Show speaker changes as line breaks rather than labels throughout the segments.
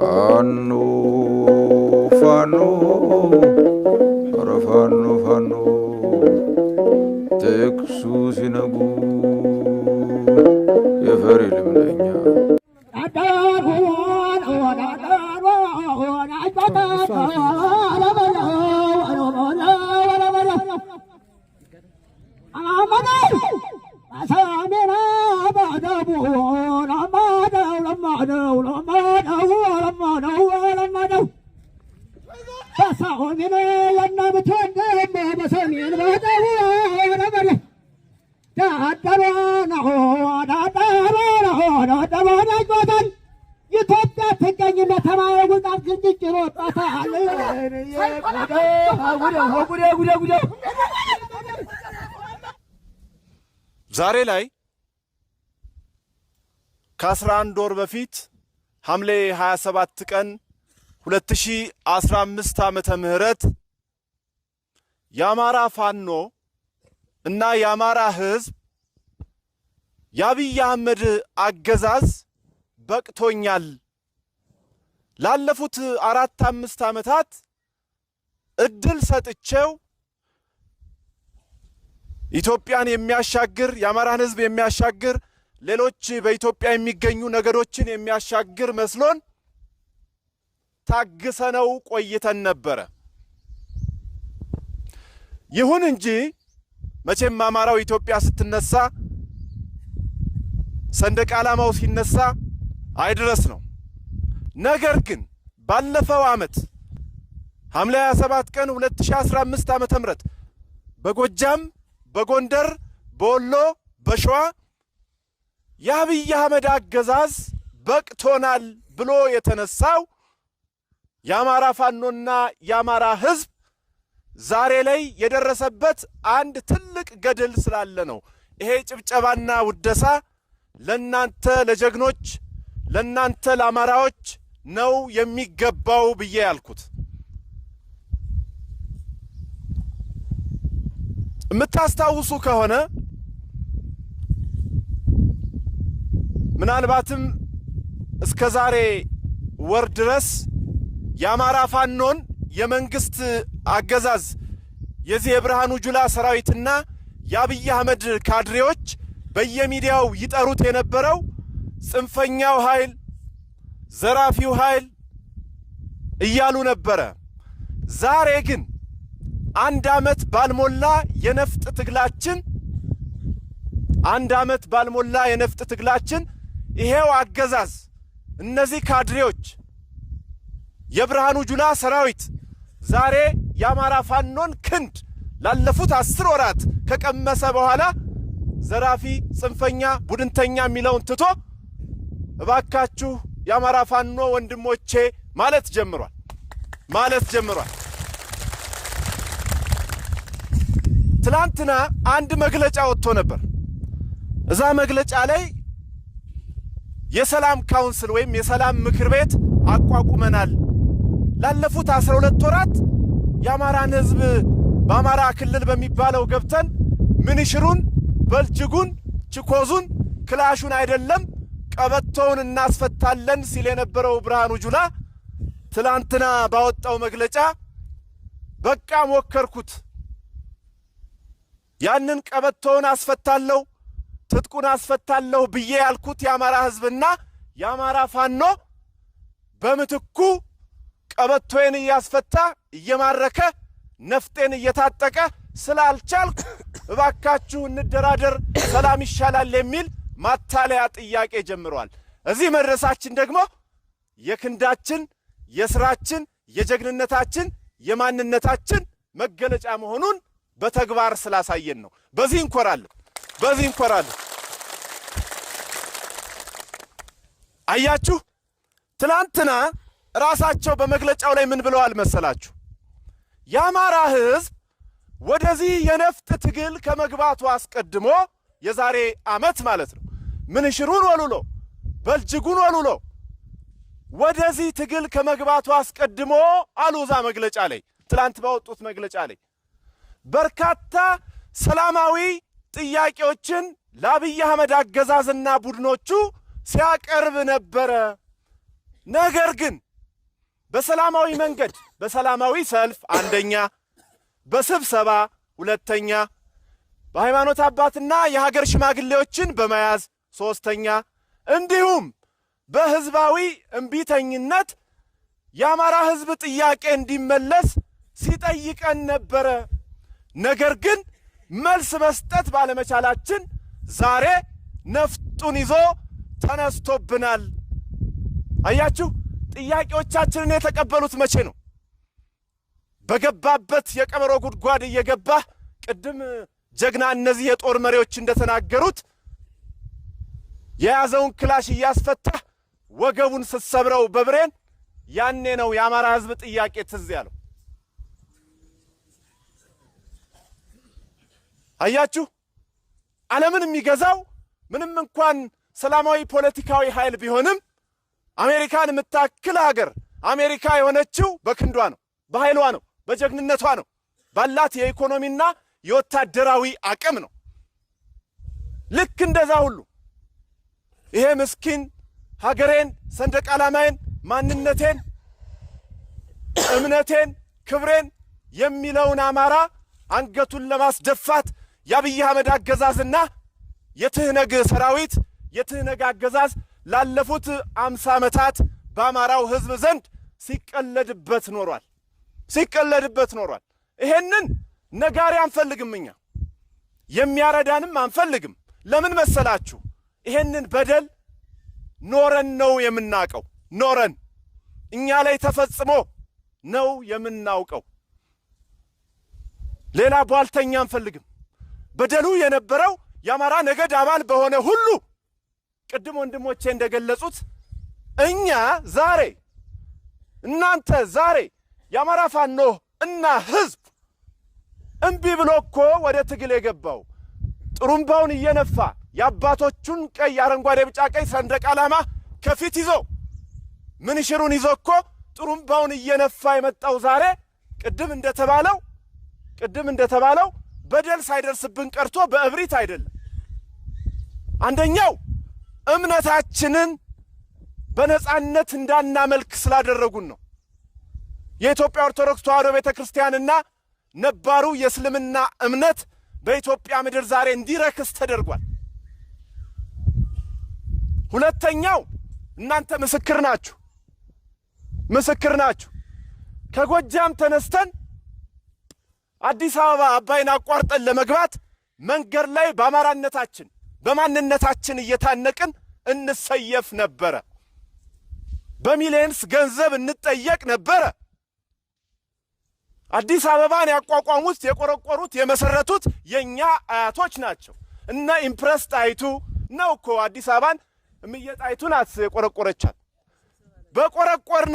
ፋኖ ፋኖ ኧረ ፋኖ ፋኖ ጥቅሱ ሲነጉ የፈሪ ልምደኛ đâu hồ nó má đâu nó má đâu nó má đâu nó má đâu nó má đâu ta sao ni nó lần nào mà thôn thế mà mà sao ni nó đâu nó mà đi ta ta nó nó hồ ta ta nó nó hồ nó ta nó nó có thân ኢትዮጵያ ትገኝና ተማረጉ ቃል ግንጭ ነው ጣታለ ዛሬ ላይ ከ11 ወር በፊት ሐምሌ 27 ቀን 2015 ዓመተ ምህረት የአማራ ፋኖ እና የአማራ ህዝብ የአብይ አህመድ አገዛዝ በቅቶኛል፣ ላለፉት አራት አምስት ዓመታት እድል ሰጥቼው ኢትዮጵያን የሚያሻግር የአማራን ህዝብ የሚያሻግር ሌሎች በኢትዮጵያ የሚገኙ ነገዶችን የሚያሻግር መስሎን ታግሰነው ቆይተን ነበረ። ይሁን እንጂ መቼም አማራው ኢትዮጵያ ስትነሳ ሰንደቅ ዓላማው ሲነሳ አይድረስ ነው። ነገር ግን ባለፈው ዓመት ሐምሌ 27 ቀን 2015 ዓ.ም በጎጃም፣ በጎንደር፣ በወሎ፣ በሸዋ የአብይ አህመድ አገዛዝ በቅቶናል ብሎ የተነሳው የአማራ ፋኖና የአማራ ህዝብ ዛሬ ላይ የደረሰበት አንድ ትልቅ ገድል ስላለ ነው። ይሄ ጭብጨባና ውደሳ ለናንተ ለጀግኖች፣ ለናንተ ለአማራዎች ነው የሚገባው ብዬ ያልኩት። የምታስታውሱ ከሆነ ምናልባትም እስከ ዛሬ ወር ድረስ የአማራ ፋኖን የመንግስት አገዛዝ የዚህ የብርሃኑ ጁላ ሰራዊትና የአብይ አህመድ ካድሬዎች በየሚዲያው ይጠሩት የነበረው ጽንፈኛው ኃይል፣ ዘራፊው ኃይል እያሉ ነበረ። ዛሬ ግን አንድ ዓመት ባልሞላ የነፍጥ ትግላችን አንድ ዓመት ባልሞላ የነፍጥ ትግላችን ይሄው አገዛዝ፣ እነዚህ ካድሬዎች፣ የብርሃኑ ጁላ ሰራዊት ዛሬ የአማራ ፋኖን ክንድ ላለፉት አስር ወራት ከቀመሰ በኋላ ዘራፊ፣ ጽንፈኛ፣ ቡድንተኛ የሚለውን ትቶ እባካችሁ የአማራ ፋኖ ወንድሞቼ ማለት ጀምሯል ማለት ጀምሯል። ትላንትና አንድ መግለጫ ወጥቶ ነበር። እዛ መግለጫ ላይ የሰላም ካውንስል ወይም የሰላም ምክር ቤት አቋቁመናል። ላለፉት አስራ ሁለት ወራት የአማራን ህዝብ በአማራ ክልል በሚባለው ገብተን ምንሽሩን፣ በልጅጉን፣ ችኮዙን፣ ክላሹን አይደለም ቀበቶውን እናስፈታለን ሲል የነበረው ብርሃኑ ጁላ ትላንትና ባወጣው መግለጫ በቃ ሞከርኩት፣ ያንን ቀበቶውን አስፈታለሁ ትጥቁን አስፈታለሁ ብዬ ያልኩት የአማራ ህዝብና የአማራ ፋኖ በምትኩ ቀበቶዬን እያስፈታ እየማረከ ነፍጤን እየታጠቀ ስላልቻልኩ እባካችሁ እንደራደር፣ ሰላም ይሻላል የሚል ማታለያ ጥያቄ ጀምረዋል። እዚህ መድረሳችን ደግሞ የክንዳችን፣ የስራችን፣ የጀግንነታችን፣ የማንነታችን መገለጫ መሆኑን በተግባር ስላሳየን ነው። በዚህ እንኮራለን። በዚህ እንኮራለን። አያችሁ፣ ትናንትና ራሳቸው በመግለጫው ላይ ምን ብለዋል መሰላችሁ? የአማራ ህዝብ ወደዚህ የነፍጥ ትግል ከመግባቱ አስቀድሞ የዛሬ ዓመት ማለት ነው ምንሽሩን ወሉሎ በልጅጉን ወሉሎ ወደዚህ ትግል ከመግባቱ አስቀድሞ አሉ። እዛ መግለጫ ላይ ትላንት ባወጡት መግለጫ ላይ በርካታ ሰላማዊ ጥያቄዎችን ለአብይ አህመድ አገዛዝና ቡድኖቹ ሲያቀርብ ነበረ። ነገር ግን በሰላማዊ መንገድ በሰላማዊ ሰልፍ አንደኛ፣ በስብሰባ ሁለተኛ፣ በሃይማኖት አባትና የሀገር ሽማግሌዎችን በመያዝ ሶስተኛ፣ እንዲሁም በህዝባዊ እምቢተኝነት የአማራ ህዝብ ጥያቄ እንዲመለስ ሲጠይቀን ነበረ። ነገር ግን መልስ መስጠት ባለመቻላችን ዛሬ ነፍጡን ይዞ ተነስቶብናል። አያችሁ፣ ጥያቄዎቻችንን የተቀበሉት መቼ ነው? በገባበት የቀበሮ ጉድጓድ እየገባህ ቅድም ጀግና እነዚህ የጦር መሪዎች እንደተናገሩት የያዘውን ክላሽ እያስፈታህ ወገቡን ስትሰብረው በብሬን ያኔ ነው የአማራ ሕዝብ ጥያቄ ትዝ ያለው። አያችሁ፣ ዓለምን የሚገዛው ምንም እንኳን ሰላማዊ ፖለቲካዊ ኃይል ቢሆንም አሜሪካን የምታክል ሀገር አሜሪካ የሆነችው በክንዷ ነው፣ በኃይሏ ነው፣ በጀግንነቷ ነው፣ ባላት የኢኮኖሚና የወታደራዊ አቅም ነው። ልክ እንደዛ ሁሉ ይሄ ምስኪን ሀገሬን፣ ሰንደቅ ዓላማዬን፣ ማንነቴን፣ እምነቴን፣ ክብሬን የሚለውን አማራ አንገቱን ለማስደፋት የአብይ አህመድ አገዛዝና የትህነግ ሰራዊት የትህነግ አገዛዝ ላለፉት አምሳ ዓመታት በአማራው ህዝብ ዘንድ ሲቀለድበት ኖሯል ሲቀለድበት ኖሯል። ይሄንን ነጋሪ አንፈልግም፣ እኛ የሚያረዳንም አንፈልግም። ለምን መሰላችሁ? ይሄንን በደል ኖረን ነው የምናውቀው። ኖረን እኛ ላይ ተፈጽሞ ነው የምናውቀው። ሌላ ቧልተኛ አንፈልግም። በደሉ የነበረው የአማራ ነገድ አባል በሆነ ሁሉ ቅድም ወንድሞቼ እንደገለጹት እኛ ዛሬ እናንተ ዛሬ የአማራ ፋኖ እና ህዝብ እምቢ ብሎ እኮ ወደ ትግል የገባው ጥሩምባውን እየነፋ የአባቶቹን ቀይ አረንጓዴ፣ ቢጫ፣ ቀይ ሰንደቅ ዓላማ ከፊት ይዞ ምንሽሩን ይዞ እኮ ጥሩምባውን እየነፋ የመጣው ዛሬ ቅድም እንደተባለው ቅድም እንደተባለው በደል ሳይደርስብን ቀርቶ በእብሪት አይደለም። አንደኛው እምነታችንን በነጻነት እንዳናመልክ ስላደረጉን ነው። የኢትዮጵያ ኦርቶዶክስ ተዋሕዶ ቤተ ክርስቲያንና ነባሩ የእስልምና እምነት በኢትዮጵያ ምድር ዛሬ እንዲረክስ ተደርጓል። ሁለተኛው እናንተ ምስክር ናችሁ፣ ምስክር ናችሁ። ከጎጃም ተነስተን አዲስ አበባ አባይን አቋርጠን ለመግባት መንገድ ላይ በአማራነታችን በማንነታችን እየታነቅን እንሰየፍ ነበረ። በሚሊየንስ ገንዘብ እንጠየቅ ነበረ። አዲስ አበባን ያቋቋሙት የቆረቆሩት የመሰረቱት የእኛ አያቶች ናቸው። እነ ኢምፕረስ ጣይቱ ነው እኮ አዲስ አበባን እምዬ ጣይቱ ናት የቆረቆረቻት።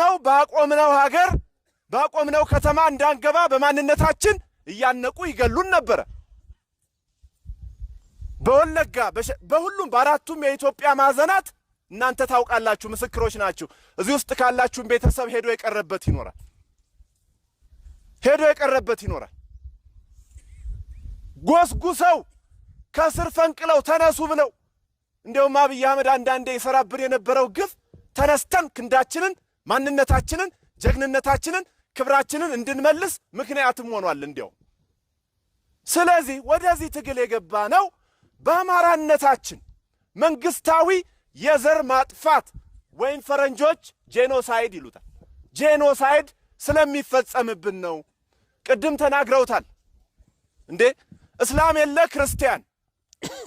ነው ባቆምነው ሀገር ባቆምነው ከተማ እንዳንገባ በማንነታችን እያነቁ ይገሉን ነበረ። በወለጋ በሁሉም በአራቱም የኢትዮጵያ ማዕዘናት እናንተ ታውቃላችሁ፣ ምስክሮች ናችሁ። እዚህ ውስጥ ካላችሁም ቤተሰብ ሄዶ የቀረበት ይኖራል፣ ሄዶ የቀረበት ይኖራል። ጎስጉሰው ከስር ፈንቅለው ተነሱ ብለው እንዲሁም አብይ አህመድ አንዳንዴ የሰራብን የነበረው ግፍ ተነስተን ክንዳችንን፣ ማንነታችንን፣ ጀግንነታችንን፣ ክብራችንን እንድንመልስ ምክንያትም ሆኗል እንዲያውም ስለዚህ ወደዚህ ትግል የገባ ነው በአማራነታችን መንግስታዊ የዘር ማጥፋት ወይም ፈረንጆች ጄኖሳይድ ይሉታል። ጄኖሳይድ ስለሚፈጸምብን ነው። ቅድም ተናግረውታል። እንዴ እስላም የለ ክርስቲያን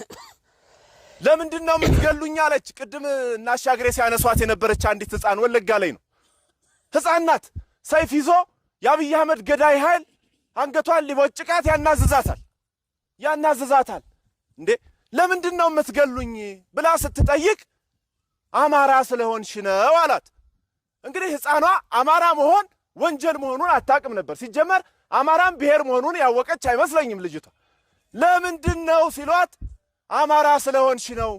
ለምንድን ነው የምትገሉኝ? አለች። ቅድም እናሻግሬ ሲያነሷት የነበረች አንዲት ህፃን ወለጋ ላይ ነው። ህፃናት ናት። ሰይፍ ይዞ የአብይ አህመድ ገዳይ ኃይል አንገቷን ሊቦጭቃት ያናዝዛታል ያናዝዛታል። እንዴ ለምንድን ነው የምትገሉኝ ብላ ስትጠይቅ አማራ ስለሆንሽ ነው አላት። እንግዲህ ሕፃኗ አማራ መሆን ወንጀል መሆኑን አታውቅም ነበር። ሲጀመር አማራም ብሔር መሆኑን ያወቀች አይመስለኝም ልጅቷ። ለምንድን ነው ሲሏት አማራ ስለሆንሽ ነው፣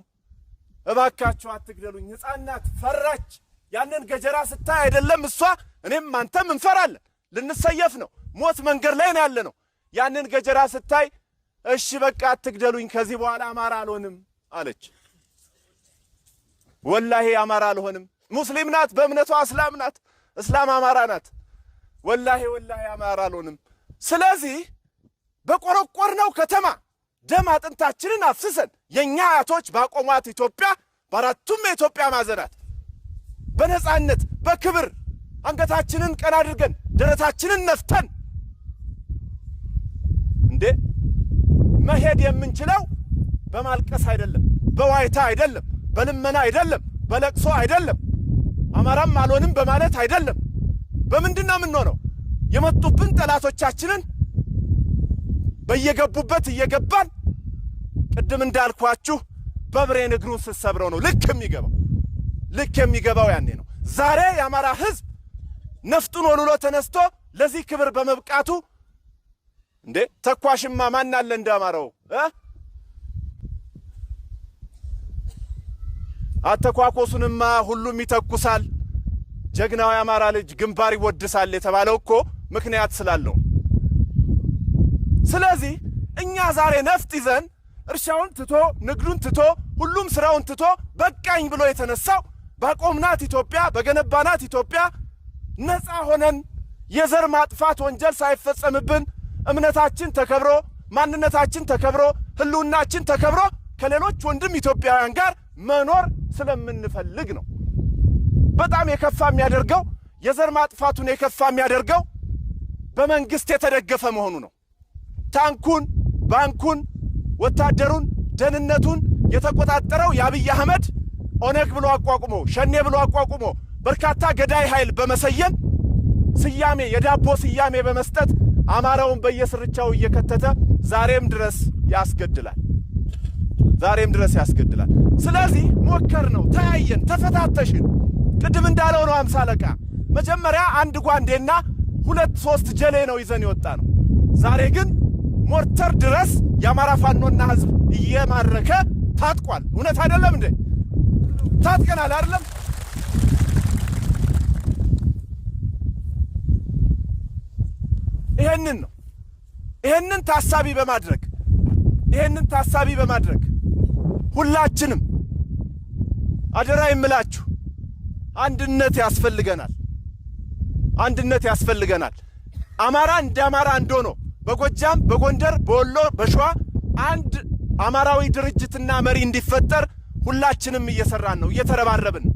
እባካችሁ አትግደሉኝ። ሕፃን ፈራች። ያንን ገጀራ ስታይ አይደለም እሷ እኔም አንተም እንፈራለን። ልንሰየፍ ነው። ሞት መንገድ ላይ ነው ያለ ነው። ያንን ገጀራ ስታይ እሺ በቃ አትግደሉኝ፣ ከዚህ በኋላ አማራ አልሆንም አለች። ወላሂ አማራ አልሆንም። ሙስሊም ናት፣ በእምነቷ እስላም ናት፣ እስላም አማራ ናት። ወላሂ ወላሂ አማራ አልሆንም። ስለዚህ በቆረቆር ነው ከተማ ደም አጥንታችንን አፍስሰን የእኛ አያቶች ባቆሟት ኢትዮጵያ በአራቱም የኢትዮጵያ ማዘናት በነፃነት በክብር አንገታችንን ቀና አድርገን ደረታችንን ነፍተን እንዴ መሄድ የምንችለው በማልቀስ አይደለም፣ በዋይታ አይደለም፣ በልመና አይደለም፣ በለቅሶ አይደለም፣ አማራም አልሆንም በማለት አይደለም። በምንድን ነው የምንሆነው? የመጡብን ጠላቶቻችንን በየገቡበት እየገባን ቅድም እንዳልኳችሁ በብሬን እግሩን ስትሰብረው ነው ልክ የሚገባው ልክ የሚገባው ያኔ ነው። ዛሬ የአማራ ህዝብ ነፍጡን ወልውሎ ተነስቶ ለዚህ ክብር በመብቃቱ እንዴ ተኳሽማ ማን አለ እንዳማረው አተኳኮሱንማ ሁሉም ይተኩሳል ጀግናው የአማራ ልጅ ግንባር ይወድሳል የተባለው እኮ ምክንያት ስላለው ስለዚህ እኛ ዛሬ ነፍጥ ይዘን እርሻውን ትቶ ንግዱን ትቶ ሁሉም ስራውን ትቶ በቃኝ ብሎ የተነሳው ባቆምናት ኢትዮጵያ በገነባናት ኢትዮጵያ ነፃ ሆነን የዘር ማጥፋት ወንጀል ሳይፈጸምብን እምነታችን ተከብሮ ማንነታችን ተከብሮ ህልውናችን ተከብሮ ከሌሎች ወንድም ኢትዮጵያውያን ጋር መኖር ስለምንፈልግ ነው። በጣም የከፋ የሚያደርገው የዘር ማጥፋቱን የከፋ የሚያደርገው በመንግስት የተደገፈ መሆኑ ነው። ታንኩን፣ ባንኩን፣ ወታደሩን፣ ደህንነቱን የተቆጣጠረው የአብይ አህመድ ኦነግ ብሎ አቋቁሞ ሸኔ ብሎ አቋቁሞ በርካታ ገዳይ ኃይል በመሰየም ስያሜ የዳቦ ስያሜ በመስጠት አማራውን በየስርቻው እየከተተ ዛሬም ድረስ ያስገድላል። ዛሬም ድረስ ያስገድላል። ስለዚህ ሞከር ነው፣ ተያየን፣ ተፈታተሽን። ቅድም እንዳለው ነው አምሳ አለቃ መጀመሪያ አንድ ጓንዴና ሁለት ሶስት ጀሌ ነው ይዘን የወጣ ነው። ዛሬ ግን ሞርተር ድረስ የአማራ ፋኖና ህዝብ እየማረከ ታጥቋል። እውነት አይደለም እንዴ? ታጥቀናል አይደለም? ይህንን ነው ይህንን ታሳቢ በማድረግ ይህንን ታሳቢ በማድረግ ሁላችንም አደራ የምላችሁ አንድነት ያስፈልገናል። አንድነት ያስፈልገናል። አማራ እንደ አማራ እንዶ ነው። በጎጃም፣ በጎንደር፣ በወሎ፣ በሸዋ አንድ አማራዊ ድርጅትና መሪ እንዲፈጠር ሁላችንም እየሰራን ነው፣ እየተረባረብን።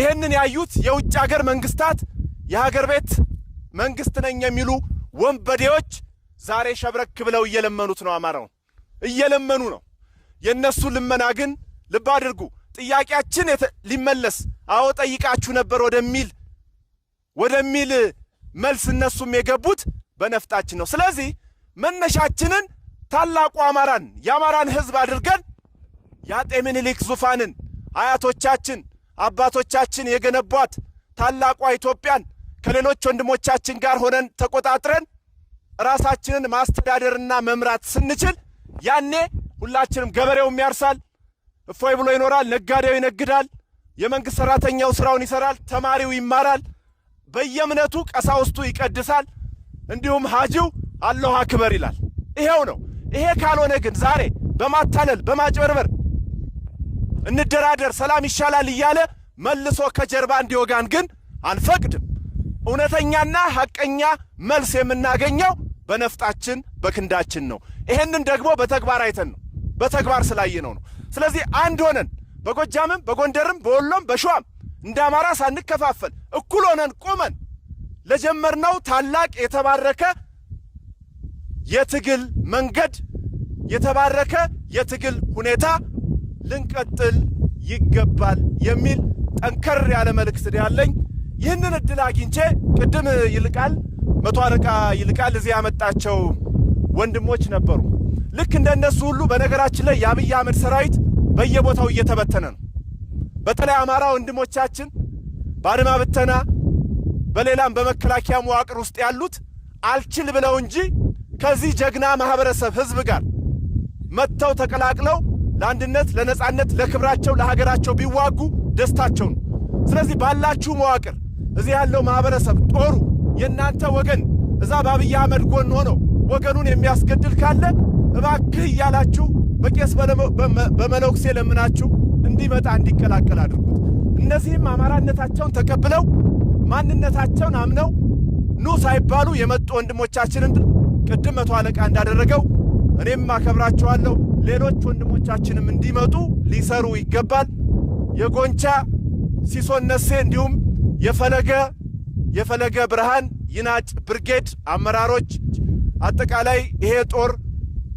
ይህንን ያዩት የውጭ ሀገር መንግስታት የሀገር ቤት መንግስት ነኝ የሚሉ ወንበዴዎች ዛሬ ሸብረክ ብለው እየለመኑት ነው። አማራውን እየለመኑ ነው። የእነሱ ልመና ግን ልብ አድርጉ፣ ጥያቄያችን ሊመለስ አዎ ጠይቃችሁ ነበር ወደሚል ወደሚል መልስ እነሱም የገቡት በነፍጣችን ነው። ስለዚህ መነሻችንን ታላቁ አማራን የአማራን ህዝብ አድርገን የአጤ ምኒልክ ዙፋንን አያቶቻችን አባቶቻችን የገነቧት ታላቋ ኢትዮጵያን ከሌሎች ወንድሞቻችን ጋር ሆነን ተቆጣጥረን ራሳችንን ማስተዳደርና መምራት ስንችል ያኔ ሁላችንም ገበሬውም ያርሳል እፎይ ብሎ ይኖራል፣ ነጋዴው ይነግዳል፣ የመንግስት ሰራተኛው ስራውን ይሰራል ተማሪው ይማራል፣ በየእምነቱ ቀሳውስቱ ይቀድሳል፣ እንዲሁም ሀጂው አላሁ አክበር ይላል። ይሄው ነው። ይሄ ካልሆነ ግን ዛሬ በማታለል በማጭበርበር እንደራደር፣ ሰላም ይሻላል እያለ መልሶ ከጀርባ እንዲወጋን ግን አንፈቅድም። እውነተኛና ሐቀኛ መልስ የምናገኘው በነፍጣችን በክንዳችን ነው። ይሄንን ደግሞ በተግባር አይተን ነው፣ በተግባር ስላየነው ነው። ስለዚህ አንድ ሆነን በጎጃምም በጎንደርም በወሎም በሸዋም እንደ አማራ ሳንከፋፈል እኩል ሆነን ቁመን ለጀመርነው ታላቅ የተባረከ የትግል መንገድ የተባረከ የትግል ሁኔታ ልንቀጥል ይገባል የሚል ጠንከር ያለ መልእክት ያለኝ ይህንን እድል አግኝቼ ቅድም ይልቃል መቶ አለቃ ይልቃል እዚህ ያመጣቸው ወንድሞች ነበሩ። ልክ እንደ እነሱ ሁሉ በነገራችን ላይ የአብይ አህመድ ሰራዊት በየቦታው እየተበተነ ነው። በተለይ አማራ ወንድሞቻችን በአድማ ብተና፣ በሌላም በመከላከያ መዋቅር ውስጥ ያሉት አልችል ብለው እንጂ ከዚህ ጀግና ማህበረሰብ ህዝብ ጋር መጥተው ተቀላቅለው ለአንድነት፣ ለነጻነት፣ ለክብራቸው፣ ለሀገራቸው ቢዋጉ ደስታቸው ነው። ስለዚህ ባላችሁ መዋቅር እዚህ ያለው ማህበረሰብ ጦሩ የእናንተ ወገን እዛ በአብይ አህመድ ጎን ሆኖ ወገኑን የሚያስገድል ካለ እባክህ እያላችሁ በቄስ በመነኩሴ ለምናችሁ እንዲመጣ እንዲቀላቀል አድርጉት። እነዚህም አማራነታቸውን ተቀብለው ማንነታቸውን አምነው ኑ ሳይባሉ የመጡ ወንድሞቻችንን ቅድም መቶ አለቃ እንዳደረገው እኔም አከብራቸዋለሁ። ሌሎች ወንድሞቻችንም እንዲመጡ ሊሰሩ ይገባል። የጎንቻ ሲሶነሴ እንዲሁም የፈለገ የፈለገ ብርሃን ይናጭ ብርጌድ አመራሮች፣ አጠቃላይ ይሄ ጦር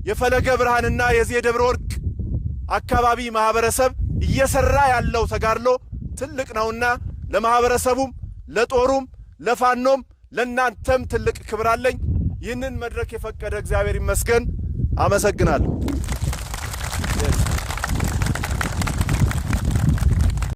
የፈለገ ብርሃንና የዚህ ደብረ ወርቅ አካባቢ ማህበረሰብ እየሰራ ያለው ተጋድሎ ትልቅ ነውና ለማህበረሰቡም ለጦሩም ለፋኖም ለእናንተም ትልቅ ክብር አለኝ። ይህንን መድረክ የፈቀደ እግዚአብሔር ይመስገን። አመሰግናለሁ።